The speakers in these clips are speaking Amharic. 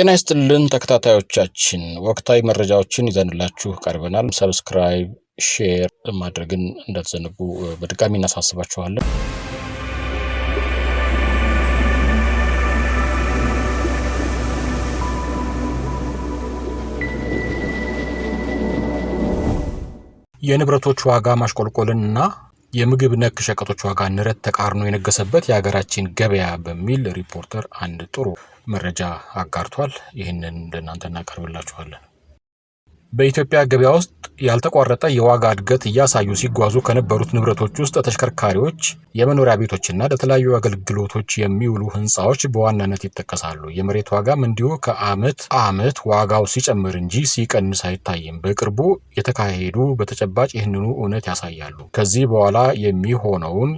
ጤና ይስጥልን ተከታታዮቻችን፣ ወቅታዊ መረጃዎችን ይዘንላችሁ ቀርበናል። ሰብስክራይብ፣ ሼር ማድረግን እንዳትዘነጉ በድጋሚ እናሳስባችኋለን። የንብረቶች ዋጋ ማሽቆልቆልንና የምግብ ነክ ሸቀጦች ዋጋ ንረት ተቃርኖ የነገሰበት የሀገራችን ገበያ በሚል ሪፖርተር አንድ ጥሩ መረጃ አጋርቷል። ይህንን ለእናንተ እናቀርብላችኋለን። በኢትዮጵያ ገበያ ውስጥ ያልተቋረጠ የዋጋ እድገት እያሳዩ ሲጓዙ ከነበሩት ንብረቶች ውስጥ ተሽከርካሪዎች፣ የመኖሪያ ቤቶችና ለተለያዩ አገልግሎቶች የሚውሉ ህንፃዎች በዋናነት ይጠቀሳሉ። የመሬት ዋጋም እንዲሁ ከአመት አመት ዋጋው ሲጨምር እንጂ ሲቀንስ አይታይም። በቅርቡ የተካሄዱ በተጨባጭ ይህንኑ እውነት ያሳያሉ። ከዚህ በኋላ የሚሆነውን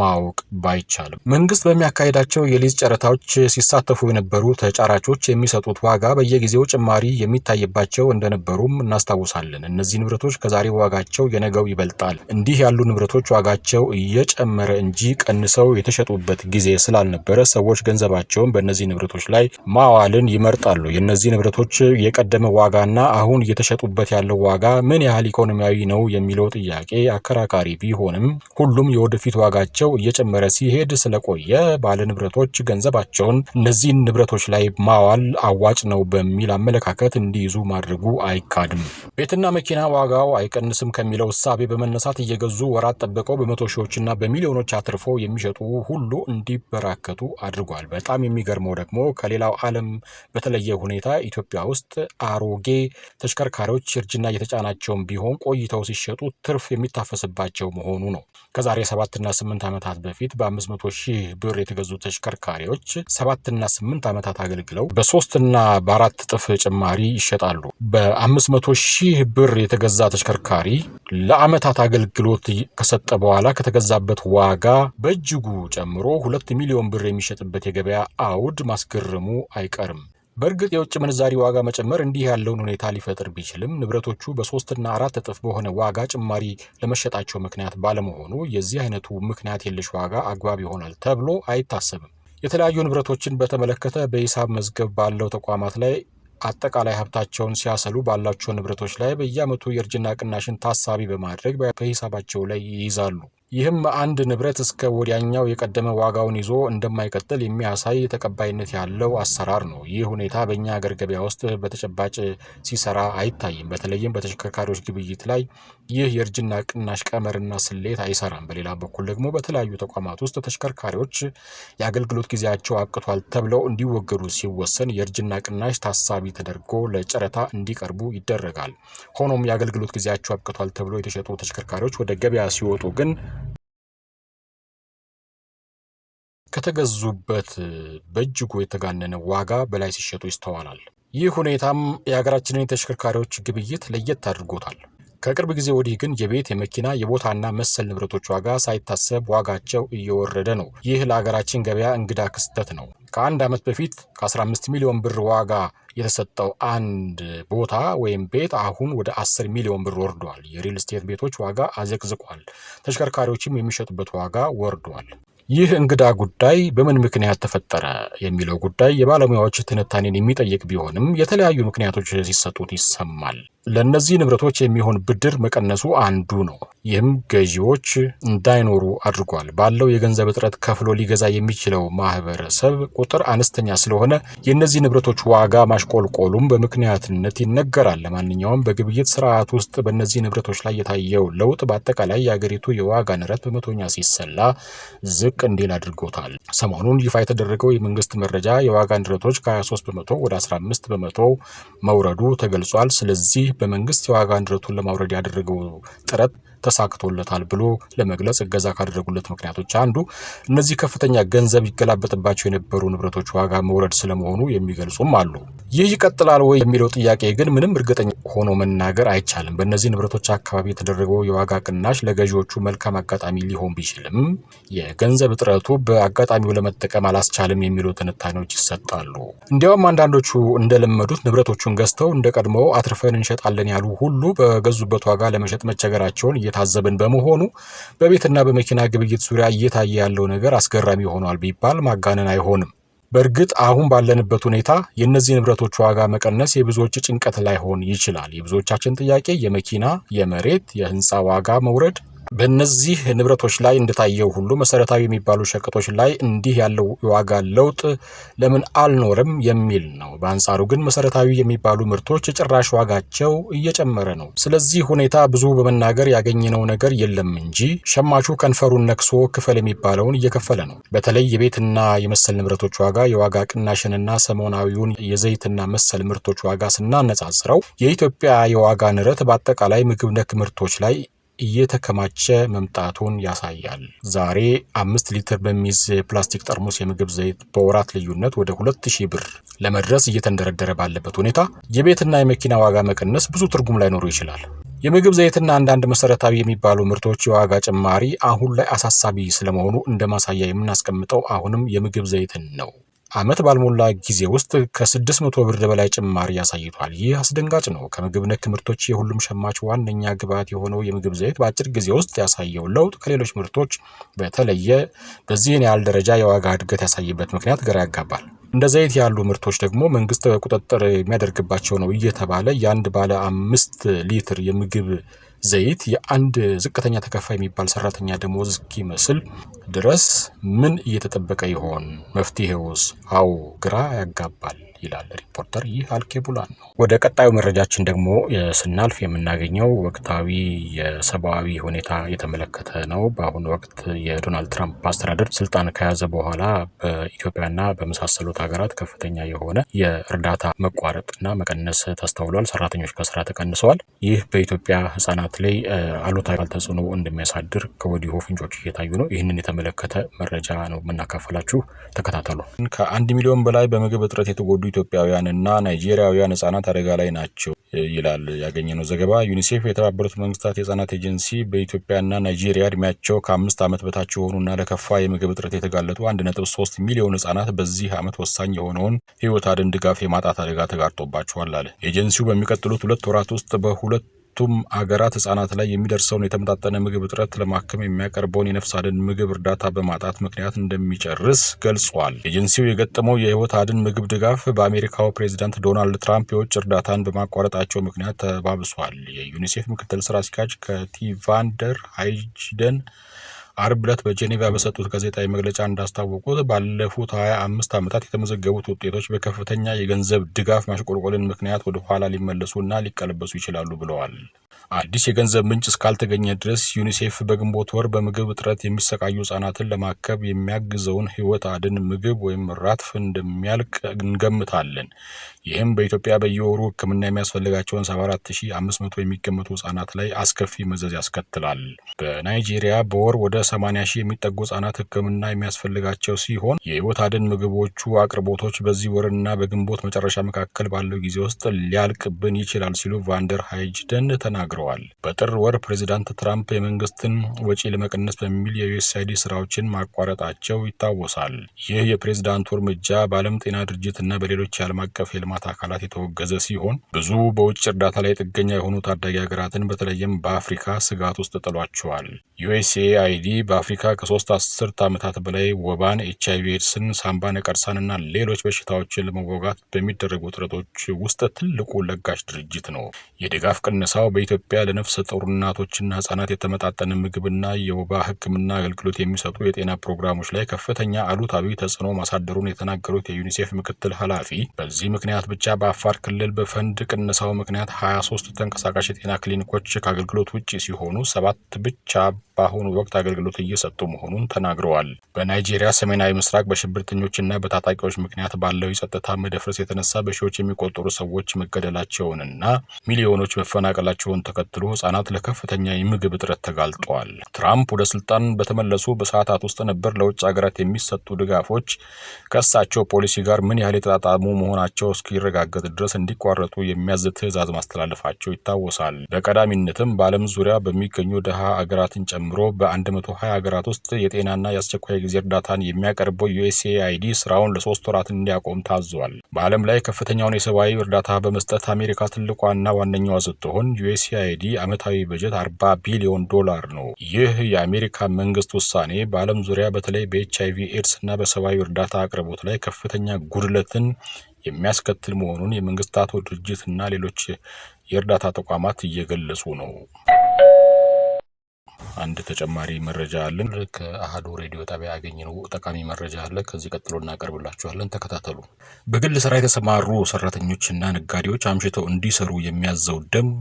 ማወቅ ባይቻልም መንግስት በሚያካሄዳቸው የሊዝ ጨረታዎች ሲሳተፉ የነበሩ ተጫራቾች የሚሰጡት ዋጋ በየጊዜው ጭማሪ የሚታይባቸው እንደነበሩም እናስታውሳለን። እነዚህ ንብረቶች ከዛሬ ዋጋቸው የነገው ይበልጣል። እንዲህ ያሉ ንብረቶች ዋጋቸው እየጨመረ እንጂ ቀንሰው የተሸጡበት ጊዜ ስላልነበረ ሰዎች ገንዘባቸውን በእነዚህ ንብረቶች ላይ ማዋልን ይመርጣሉ። የእነዚህ ንብረቶች የቀደመ ዋጋና አሁን እየተሸጡበት ያለው ዋጋ ምን ያህል ኢኮኖሚያዊ ነው የሚለው ጥያቄ አከራካሪ ቢሆንም ሁሉም የወደፊት ዋጋ ገቢያቸው እየጨመረ ሲሄድ ስለቆየ ባለንብረቶች ገንዘባቸውን እነዚህን ንብረቶች ላይ ማዋል አዋጭ ነው በሚል አመለካከት እንዲይዙ ማድረጉ አይካድም። ቤትና መኪና ዋጋው አይቀንስም ከሚለው እሳቤ በመነሳት እየገዙ ወራት ጠብቀው በመቶ ሺዎችና በሚሊዮኖች አትርፎ የሚሸጡ ሁሉ እንዲበራከቱ አድርጓል። በጣም የሚገርመው ደግሞ ከሌላው ዓለም በተለየ ሁኔታ ኢትዮጵያ ውስጥ አሮጌ ተሽከርካሪዎች እርጅና እየተጫናቸውም ቢሆን ቆይተው ሲሸጡ ትርፍ የሚታፈስባቸው መሆኑ ነው። ከዛሬ ሰባትና ስምንት ከስምንት ዓመታት በፊት በ500 ሺህ ብር የተገዙ ተሽከርካሪዎች ሰባትና ስምንት ዓመታት አገልግለው በሶስትና በአራት ና እጥፍ ጭማሪ ይሸጣሉ። በ500 ሺህ ብር የተገዛ ተሽከርካሪ ለዓመታት አገልግሎት ከሰጠ በኋላ ከተገዛበት ዋጋ በእጅጉ ጨምሮ ሁለት ሚሊዮን ብር የሚሸጥበት የገበያ አውድ ማስገረሙ አይቀርም። በእርግጥ የውጭ ምንዛሪ ዋጋ መጨመር እንዲህ ያለውን ሁኔታ ሊፈጥር ቢችልም ንብረቶቹ በሶስትና አራት እጥፍ በሆነ ዋጋ ጭማሪ ለመሸጣቸው ምክንያት ባለመሆኑ የዚህ አይነቱ ምክንያት የለሽ ዋጋ አግባብ ይሆናል ተብሎ አይታሰብም። የተለያዩ ንብረቶችን በተመለከተ በሂሳብ መዝገብ ባለው ተቋማት ላይ አጠቃላይ ሀብታቸውን ሲያሰሉ ባላቸው ንብረቶች ላይ በየዓመቱ የእርጅና ቅናሽን ታሳቢ በማድረግ ከሂሳባቸው ላይ ይይዛሉ። ይህም አንድ ንብረት እስከ ወዲያኛው የቀደመ ዋጋውን ይዞ እንደማይቀጥል የሚያሳይ ተቀባይነት ያለው አሰራር ነው። ይህ ሁኔታ በእኛ ሀገር ገበያ ውስጥ በተጨባጭ ሲሰራ አይታይም። በተለይም በተሽከርካሪዎች ግብይት ላይ ይህ የእርጅና ቅናሽ ቀመርና ስሌት አይሰራም። በሌላ በኩል ደግሞ በተለያዩ ተቋማት ውስጥ ተሽከርካሪዎች የአገልግሎት ጊዜያቸው አብቅቷል ተብለው እንዲወገዱ ሲወሰን የእርጅና ቅናሽ ታሳቢ ተደርጎ ለጨረታ እንዲቀርቡ ይደረጋል። ሆኖም የአገልግሎት ጊዜያቸው አብቅቷል ተብሎ የተሸጡ ተሽከርካሪዎች ወደ ገበያ ሲወጡ ግን ከተገዙበት በእጅጉ የተጋነነ ዋጋ በላይ ሲሸጡ ይስተዋላል። ይህ ሁኔታም የሀገራችንን የተሽከርካሪዎች ግብይት ለየት አድርጎታል። ከቅርብ ጊዜ ወዲህ ግን የቤት የመኪና የቦታና መሰል ንብረቶች ዋጋ ሳይታሰብ ዋጋቸው እየወረደ ነው። ይህ ለሀገራችን ገበያ እንግዳ ክስተት ነው። ከአንድ ዓመት በፊት ከ15 ሚሊዮን ብር ዋጋ የተሰጠው አንድ ቦታ ወይም ቤት አሁን ወደ 10 ሚሊዮን ብር ወርዷል። የሪል ስቴት ቤቶች ዋጋ አዘቅዝቋል። ተሽከርካሪዎችም የሚሸጡበት ዋጋ ወርዷል። ይህ እንግዳ ጉዳይ በምን ምክንያት ተፈጠረ የሚለው ጉዳይ የባለሙያዎች ትንታኔን የሚጠይቅ ቢሆንም የተለያዩ ምክንያቶች ሲሰጡት ይሰማል። ለእነዚህ ንብረቶች የሚሆን ብድር መቀነሱ አንዱ ነው። ይህም ገዢዎች እንዳይኖሩ አድርጓል። ባለው የገንዘብ እጥረት ከፍሎ ሊገዛ የሚችለው ማህበረሰብ ቁጥር አነስተኛ ስለሆነ የእነዚህ ንብረቶች ዋጋ ማሽቆልቆሉም በምክንያትነት ይነገራል። ለማንኛውም በግብይት ስርዓት ውስጥ በእነዚህ ንብረቶች ላይ የታየው ለውጥ በአጠቃላይ የአገሪቱ የዋጋ ንረት በመቶኛ ሲሰላ ዝቅ እንዲል አድርጎታል። ሰሞኑን ይፋ የተደረገው የመንግስት መረጃ የዋጋ ንረቶች ከ23 በመቶ ወደ 15 በመቶ መውረዱ ተገልጿል። ስለዚህ በመንግስት የዋጋ ንረቱን ለማውረድ ያደረገው ጥረት ተሳክቶለታል ብሎ ለመግለጽ እገዛ ካደረጉለት ምክንያቶች አንዱ እነዚህ ከፍተኛ ገንዘብ ይገላበጥባቸው የነበሩ ንብረቶች ዋጋ መውረድ ስለመሆኑ የሚገልጹም አሉ። ይህ ይቀጥላል ወይ የሚለው ጥያቄ ግን ምንም እርግጠኛ ሆኖ መናገር አይቻልም። በእነዚህ ንብረቶች አካባቢ የተደረገው የዋጋ ቅናሽ ለገዢዎቹ መልካም አጋጣሚ ሊሆን ቢችልም የገንዘብ እጥረቱ በአጋጣሚው ለመጠቀም አላስቻልም የሚሉ ትንታኔዎች ይሰጣሉ። እንዲያውም አንዳንዶቹ እንደለመዱት ንብረቶቹን ገዝተው እንደ አትርፈን እንሸጣለን ያሉ ሁሉ በገዙበት ዋጋ ለመሸጥ መቸገራቸውን እየታዘብን በመሆኑ በቤትና በመኪና ግብይት ዙሪያ እየታየ ያለው ነገር አስገራሚ ሆኗል ቢባል ማጋነን አይሆንም። በእርግጥ አሁን ባለንበት ሁኔታ የእነዚህ ንብረቶች ዋጋ መቀነስ የብዙዎች ጭንቀት ላይሆን ይችላል። የብዙዎቻችን ጥያቄ የመኪና፣ የመሬት፣ የህንፃ ዋጋ መውረድ በእነዚህ ንብረቶች ላይ እንደታየው ሁሉ መሰረታዊ የሚባሉ ሸቀጦች ላይ እንዲህ ያለው የዋጋ ለውጥ ለምን አልኖርም የሚል ነው። በአንጻሩ ግን መሰረታዊ የሚባሉ ምርቶች ጭራሽ ዋጋቸው እየጨመረ ነው። ስለዚህ ሁኔታ ብዙ በመናገር ያገኘነው ነገር የለም እንጂ ሸማቹ ከንፈሩን ነክሶ ክፈል የሚባለውን እየከፈለ ነው። በተለይ የቤትና የመሰል ንብረቶች ዋጋ የዋጋ ቅናሽንና ሰሞናዊውን የዘይትና መሰል ምርቶች ዋጋ ስናነጻጽረው የኢትዮጵያ የዋጋ ንረት በአጠቃላይ ምግብ ነክ ምርቶች ላይ እየተከማቸ መምጣቱን ያሳያል። ዛሬ አምስት ሊትር በሚይዝ የፕላስቲክ ጠርሙስ የምግብ ዘይት በወራት ልዩነት ወደ ሁለት ሺህ ብር ለመድረስ እየተንደረደረ ባለበት ሁኔታ የቤትና የመኪና ዋጋ መቀነስ ብዙ ትርጉም ላይኖሩ ይችላል። የምግብ ዘይትና አንዳንድ መሰረታዊ የሚባሉ ምርቶች የዋጋ ጭማሪ አሁን ላይ አሳሳቢ ስለመሆኑ እንደ ማሳያ የምናስቀምጠው አሁንም የምግብ ዘይትን ነው። ዓመት ባልሞላ ጊዜ ውስጥ ከ600 ብር በላይ ጭማሪ አሳይቷል። ይህ አስደንጋጭ ነው። ከምግብ ነክ ምርቶች የሁሉም ሸማች ዋነኛ ግብዓት የሆነው የምግብ ዘይት በአጭር ጊዜ ውስጥ ያሳየው ለውጥ ከሌሎች ምርቶች በተለየ በዚህን ያህል ደረጃ የዋጋ እድገት ያሳይበት ምክንያት ግራ ያጋባል። እንደ ዘይት ያሉ ምርቶች ደግሞ መንግስት ቁጥጥር የሚያደርግባቸው ነው እየተባለ የአንድ ባለ አምስት ሊትር የምግብ ዘይት የአንድ ዝቅተኛ ተከፋይ የሚባል ሰራተኛ ደሞዝ እስኪመስል ድረስ ምን እየተጠበቀ ይሆን? መፍትሄውስ? አዎ ግራ ያጋባል። ይላል ሪፖርተር። ይህ አልኬቡላን ነው። ወደ ቀጣዩ መረጃችን ደግሞ ስናልፍ የምናገኘው ወቅታዊ የሰብአዊ ሁኔታ የተመለከተ ነው። በአሁኑ ወቅት የዶናልድ ትራምፕ አስተዳደር ስልጣን ከያዘ በኋላ በኢትዮጵያና በመሳሰሉት ሀገራት ከፍተኛ የሆነ የእርዳታ መቋረጥና መቀነስ ተስተውሏል። ሰራተኞች ከስራ ተቀንሰዋል። ይህ በኢትዮጵያ ህጻናት ላይ አሉታዊ ተጽዕኖ እንደሚያሳድር ከወዲሁ ፍንጮች እየታዩ ነው። ይህንን የተመለከተ መረጃ ነው የምናካፈላችሁ። ተከታተሉ። ከአንድ ሚሊዮን በላይ በምግብ እጥረት የተጎዱ ኢትዮጵያውያንና ናይጄሪያውያን ህጻናት አደጋ ላይ ናቸው ይላል ያገኘነው ዘገባ። ዩኒሴፍ የተባበሩት መንግስታት የህጻናት ኤጀንሲ በኢትዮጵያና ናይጄሪያ እድሜያቸው ከአምስት ዓመት በታች የሆኑና ለከፋ የምግብ እጥረት የተጋለጡ 1.3 ሚሊዮን ህጻናት በዚህ ዓመት ወሳኝ የሆነውን ህይወት አድን ድጋፍ የማጣት አደጋ ተጋርጦባቸዋል አለ። ኤጀንሲው በሚቀጥሉት ሁለት ወራት ውስጥ በሁለት በሁለቱም አገራት ህጻናት ላይ የሚደርሰውን የተመጣጠነ ምግብ እጥረት ለማከም የሚያቀርበውን የነፍስ አድን ምግብ እርዳታ በማጣት ምክንያት እንደሚጨርስ ገልጿል። ኤጀንሲው የገጠመው የህይወት አድን ምግብ ድጋፍ በአሜሪካው ፕሬዚዳንት ዶናልድ ትራምፕ የውጭ እርዳታን በማቋረጣቸው ምክንያት ተባብሷል። የዩኒሴፍ ምክትል ስራ አስኪያጅ ከቲቫንደር ሃይጅደን አርብ ዕለት በጄኔቫ በሰጡት ጋዜጣዊ መግለጫ እንዳስታወቁት ባለፉት ሀያ አምስት ዓመታት የተመዘገቡት ውጤቶች በከፍተኛ የገንዘብ ድጋፍ ማሽቆልቆልን ምክንያት ወደ ኋላ ሊመለሱና ሊቀለበሱ ይችላሉ ብለዋል። አዲስ የገንዘብ ምንጭ እስካልተገኘ ድረስ ዩኒሴፍ በግንቦት ወር በምግብ እጥረት የሚሰቃዩ ህጻናትን ለማከብ የሚያግዘውን ህይወት አድን ምግብ ወይም ራትፍ እንደሚያልቅ እንገምታለን። ይህም በኢትዮጵያ በየወሩ ሕክምና የሚያስፈልጋቸውን 74500 የሚገመቱ ህጻናት ላይ አስከፊ መዘዝ ያስከትላል። በናይጄሪያ በወር ወደ 80 ሺህ የሚጠጉ ህጻናት ህክምና የሚያስፈልጋቸው ሲሆን የህይወት አድን ምግቦቹ አቅርቦቶች በዚህ ወርና በግንቦት መጨረሻ መካከል ባለው ጊዜ ውስጥ ሊያልቅብን ይችላል ሲሉ ቫንደር ሃይጅደን ተናግረዋል። በጥር ወር ፕሬዚዳንት ትራምፕ የመንግስትን ወጪ ለመቀነስ በሚል የዩኤስአይዲ ስራዎችን ማቋረጣቸው ይታወሳል። ይህ የፕሬዚዳንቱ እርምጃ በዓለም ጤና ድርጅት እና በሌሎች የዓለም አቀፍ የልማት አካላት የተወገዘ ሲሆን ብዙ በውጭ እርዳታ ላይ ጥገኛ የሆኑ ታዳጊ ሀገራትን በተለይም በአፍሪካ ስጋት ውስጥ ጥሏቸዋል። ዩኤስኤአይዲ በአፍሪካ ከሶስት አስርት ዓመታት በላይ ወባን፣ ኤች አይቪ ኤድስን፣ ሳምባ እና ሌሎች በሽታዎችን ለመዋጋት በሚደረጉ ጥረቶች ውስጥ ትልቁ ለጋሽ ድርጅት ነው። የድጋፍ ቅነሳው በኢትዮጵያ ለነፍሰ ጡር እናቶችና ህጻናት የተመጣጠነ ምግብና የወባ ህክምና አገልግሎት የሚሰጡ የጤና ፕሮግራሞች ላይ ከፍተኛ አሉታዊ ተጽዕኖ ማሳደሩን የተናገሩት የዩኒሴፍ ምክትል ኃላፊ በዚህ ምክንያት ብቻ በአፋር ክልል በፈንድ ቅነሳው ምክንያት 23 ተንቀሳቃሽ የጤና ክሊኒኮች ከአገልግሎት ውጭ ሲሆኑ ሰባት ብቻ በአሁኑ ወቅት አገልግሎት አገልግሎት እየሰጡ መሆኑን ተናግረዋል። በናይጄሪያ ሰሜናዊ ምስራቅ በሽብርተኞችና በታጣቂዎች ምክንያት ባለው የጸጥታ መደፍረስ የተነሳ በሺዎች የሚቆጠሩ ሰዎች መገደላቸውንና ሚሊዮኖች መፈናቀላቸውን ተከትሎ ህጻናት ለከፍተኛ የምግብ እጥረት ተጋልጠዋል። ትራምፕ ወደ ስልጣን በተመለሱ በሰዓታት ውስጥ ነበር ለውጭ ሀገራት የሚሰጡ ድጋፎች ከእሳቸው ፖሊሲ ጋር ምን ያህል የተጣጣሙ መሆናቸው እስኪረጋገጥ ድረስ እንዲቋረጡ የሚያዝ ትዕዛዝ ማስተላለፋቸው ይታወሳል። በቀዳሚነትም በዓለም ዙሪያ በሚገኙ ድሃ አገራትን ጨምሮ በ1 ሀያ ሀገራት ውስጥ የጤናና የአስቸኳይ ጊዜ እርዳታን የሚያቀርበው ዩኤስኤአይዲ ስራውን ለሶስት ወራት እንዲያቆም ታዟል። በዓለም ላይ ከፍተኛውን የሰብአዊ እርዳታ በመስጠት አሜሪካ ትልቋና ዋነኛዋ ስትሆን ዩኤስኤአይዲ ዓመታዊ በጀት አርባ ቢሊዮን ዶላር ነው። ይህ የአሜሪካ መንግስት ውሳኔ በዓለም ዙሪያ በተለይ በኤችአይቪ ኤድስ እና በሰብአዊ እርዳታ አቅርቦት ላይ ከፍተኛ ጉድለትን የሚያስከትል መሆኑን የመንግስታቱ ድርጅት እና ሌሎች የእርዳታ ተቋማት እየገለጹ ነው። አንድ ተጨማሪ መረጃ አለን። ከአህዶ ሬዲዮ ጣቢያ ያገኘነው ጠቃሚ መረጃ አለ። ከዚህ ቀጥሎ እናቀርብላችኋለን። ተከታተሉ። በግል ስራ የተሰማሩ ሰራተኞችና ነጋዴዎች አምሽተው እንዲሰሩ የሚያዘው ደንብ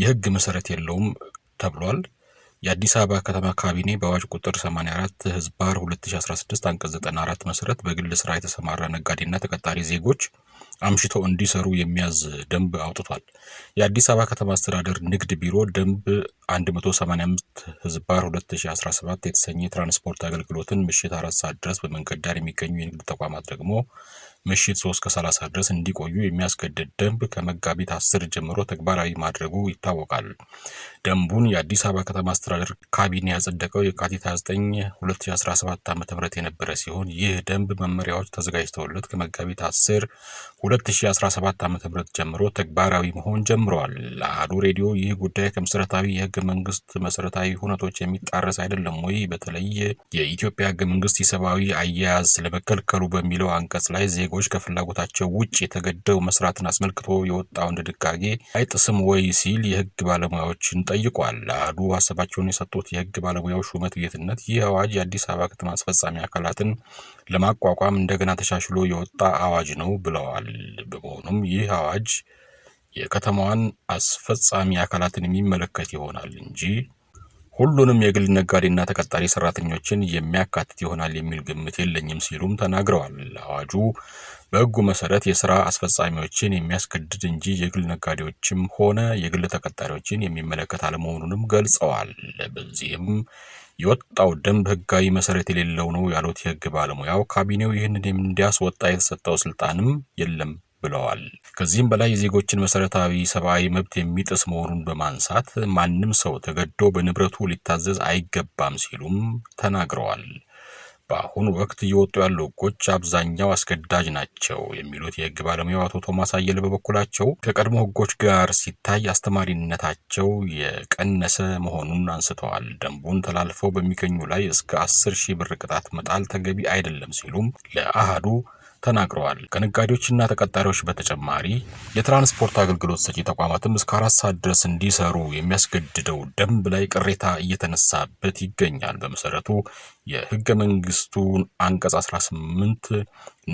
የህግ መሰረት የለውም ተብሏል። የአዲስ አበባ ከተማ ካቢኔ በአዋጅ ቁጥር 84 ህዝባር 2016 አንቀጽ 94 መሰረት በግል ስራ የተሰማራ ነጋዴና ተቀጣሪ ዜጎች አምሽተው እንዲሰሩ የሚያዝ ደንብ አውጥቷል። የአዲስ አበባ ከተማ አስተዳደር ንግድ ቢሮ ደንብ 185 ህዝባር 2017 የተሰኘ የትራንስፖርት አገልግሎትን ምሽት አራት ሰዓት ድረስ በመንገድ ዳር የሚገኙ የንግድ ተቋማት ደግሞ ምሽት 3 ከ30 ድረስ እንዲቆዩ የሚያስገድድ ደንብ ከመጋቢት 10 ጀምሮ ተግባራዊ ማድረጉ ይታወቃል። ደንቡን የአዲስ አበባ ከተማ አስተዳደር ካቢኔ ያጸደቀው የካቲት 29 2017 ዓ.ም የነበረ ሲሆን ይህ ደንብ መመሪያዎች ተዘጋጅተውለት ከመጋቢት 10 2017 ዓ.ም ጀምሮ ተግባራዊ መሆን ጀምረዋል። ለአሀዱ ሬዲዮ ይህ ጉዳይ ከመሰረታዊ የህገ መንግስት መሰረታዊ ሁነቶች የሚጣረስ አይደለም ወይ? በተለይ የኢትዮጵያ ህገ መንግስት የሰብአዊ አያያዝ ስለመከልከሉ በሚለው አንቀጽ ላይ ዜጎች ከፍላጎታቸው ውጭ የተገደው መስራትን አስመልክቶ የወጣውን ድንጋጌ አይጥስም ወይ ሲል የህግ ባለሙያዎችን ጠይቋል። ለአሀዱ ሀሳባቸውን የሰጡት የህግ ባለሙያው ሹመት ጌትነት ይህ አዋጅ የአዲስ አበባ ከተማ አስፈጻሚ አካላትን ለማቋቋም እንደገና ተሻሽሎ የወጣ አዋጅ ነው ብለዋል። በመሆኑም ይህ አዋጅ የከተማዋን አስፈጻሚ አካላትን የሚመለከት ይሆናል እንጂ ሁሉንም የግል ነጋዴና ተቀጣሪ ሰራተኞችን የሚያካትት ይሆናል የሚል ግምት የለኝም ሲሉም ተናግረዋል። አዋጁ በሕጉ መሰረት የስራ አስፈጻሚዎችን የሚያስገድድ እንጂ የግል ነጋዴዎችም ሆነ የግል ተቀጣሪዎችን የሚመለከት አለመሆኑንም ገልጸዋል። በዚህም የወጣው ደንብ ህጋዊ መሰረት የሌለው ነው ያሉት የህግ ባለሙያው ካቢኔው ይህንን እንዲያስወጣ የተሰጠው ስልጣንም የለም ብለዋል። ከዚህም በላይ የዜጎችን መሰረታዊ ሰብአዊ መብት የሚጥስ መሆኑን በማንሳት ማንም ሰው ተገዶ በንብረቱ ሊታዘዝ አይገባም ሲሉም ተናግረዋል። በአሁኑ ወቅት እየወጡ ያሉ ህጎች አብዛኛው አስገዳጅ ናቸው የሚሉት የህግ ባለሙያው አቶ ቶማስ አየለ በበኩላቸው ከቀድሞ ህጎች ጋር ሲታይ አስተማሪነታቸው የቀነሰ መሆኑን አንስተዋል። ደንቡን ተላልፈው በሚገኙ ላይ እስከ አስር ሺህ ብር ቅጣት መጣል ተገቢ አይደለም ሲሉም ለአሃዱ ተናግረዋል። ከነጋዴዎችና ተቀጣሪዎች በተጨማሪ የትራንስፖርት አገልግሎት ሰጪ ተቋማትም እስከ አራት ሰዓት ድረስ እንዲሰሩ የሚያስገድደው ደንብ ላይ ቅሬታ እየተነሳበት ይገኛል። በመሰረቱ የህገ መንግስቱን አንቀጽ 18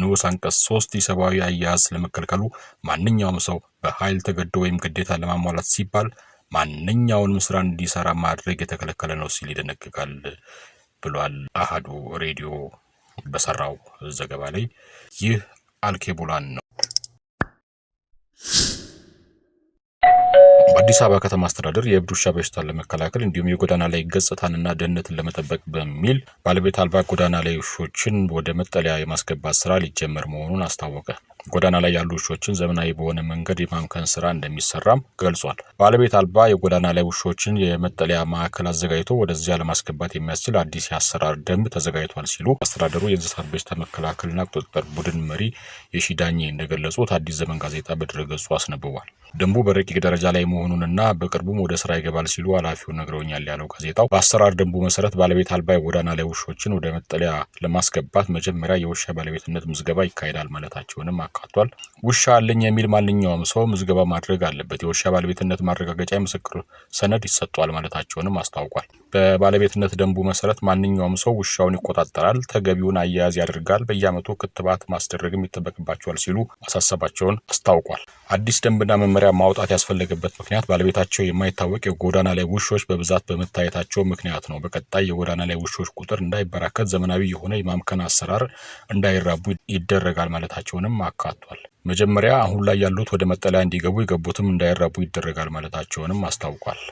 ንዑስ አንቀጽ 3 የሰብአዊ አያያዝ ለመከልከሉ ማንኛውም ሰው በኃይል ተገዶ ወይም ግዴታ ለማሟላት ሲባል ማንኛውንም ስራ እንዲሰራ ማድረግ የተከለከለ ነው ሲል ይደነግጋል ብሏል አሃዱ ሬዲዮ። በሰራው ዘገባ ላይ ይህ አልኬቡላን ነው። በአዲስ አበባ ከተማ አስተዳደር የእብድ ውሻ በሽታን ለመከላከል እንዲሁም የጎዳና ላይ ገጽታንና ደህንነትን ለመጠበቅ በሚል ባለቤት አልባ ጎዳና ላይ ውሾችን ወደ መጠለያ የማስገባት ስራ ሊጀመር መሆኑን አስታወቀ። ጎዳና ላይ ያሉ ውሾችን ዘመናዊ በሆነ መንገድ የማምከን ስራ እንደሚሰራም ገልጿል። ባለቤት አልባ የጎዳና ላይ ውሾችን የመጠለያ ማዕከል አዘጋጅቶ ወደዚያ ለማስገባት የሚያስችል አዲስ የአሰራር ደንብ ተዘጋጅቷል ሲሉ አስተዳደሩ የእንስሳት በሽታ መከላከልና ቁጥጥር ቡድን መሪ የሺዳኜ እንደገለጹት አዲስ ዘመን ጋዜጣ በድረገጹ አስነብቧል። ደንቡ በረቂቅ ደረጃ ላይ መሆኑንና በቅርቡም ወደ ስራ ይገባል ሲሉ ኃላፊው ነግረውኛል ያለው ጋዜጣው በአሰራር ደንቡ መሰረት ባለቤት አልባ የጎዳና ላይ ውሾችን ወደ መጠለያ ለማስገባት መጀመሪያ የውሻ ባለቤትነት ምዝገባ ይካሄዳል ማለታቸውንም አካቷል። ውሻ አለኝ የሚል ማንኛውም ሰው ምዝገባ ማድረግ አለበት። የውሻ ባለቤትነት ማረጋገጫ የምስክር ሰነድ ይሰጧል ማለታቸውንም አስታውቋል። በባለቤትነት ደንቡ መሰረት ማንኛውም ሰው ውሻውን ይቆጣጠራል፣ ተገቢውን አያያዝ ያደርጋል፣ በየአመቱ ክትባት ማስደረግም ይጠበቅባቸዋል ሲሉ ማሳሰባቸውን አስታውቋል። አዲስ ደንብና መመሪያ ማውጣት ያስፈለገበት ምክንያት ባለቤታቸው የማይታወቅ የጎዳና ላይ ውሾች በብዛት በመታየታቸው ምክንያት ነው። በቀጣይ የጎዳና ላይ ውሾች ቁጥር እንዳይበራከት ዘመናዊ የሆነ የማምከን አሰራር እንዳይራቡ ይደረጋል ማለታቸውንም አካቷል። መጀመሪያ አሁን ላይ ያሉት ወደ መጠለያ እንዲገቡ የገቡትም እንዳይራቡ ይደረጋል ማለታቸውንም አስታውቋል።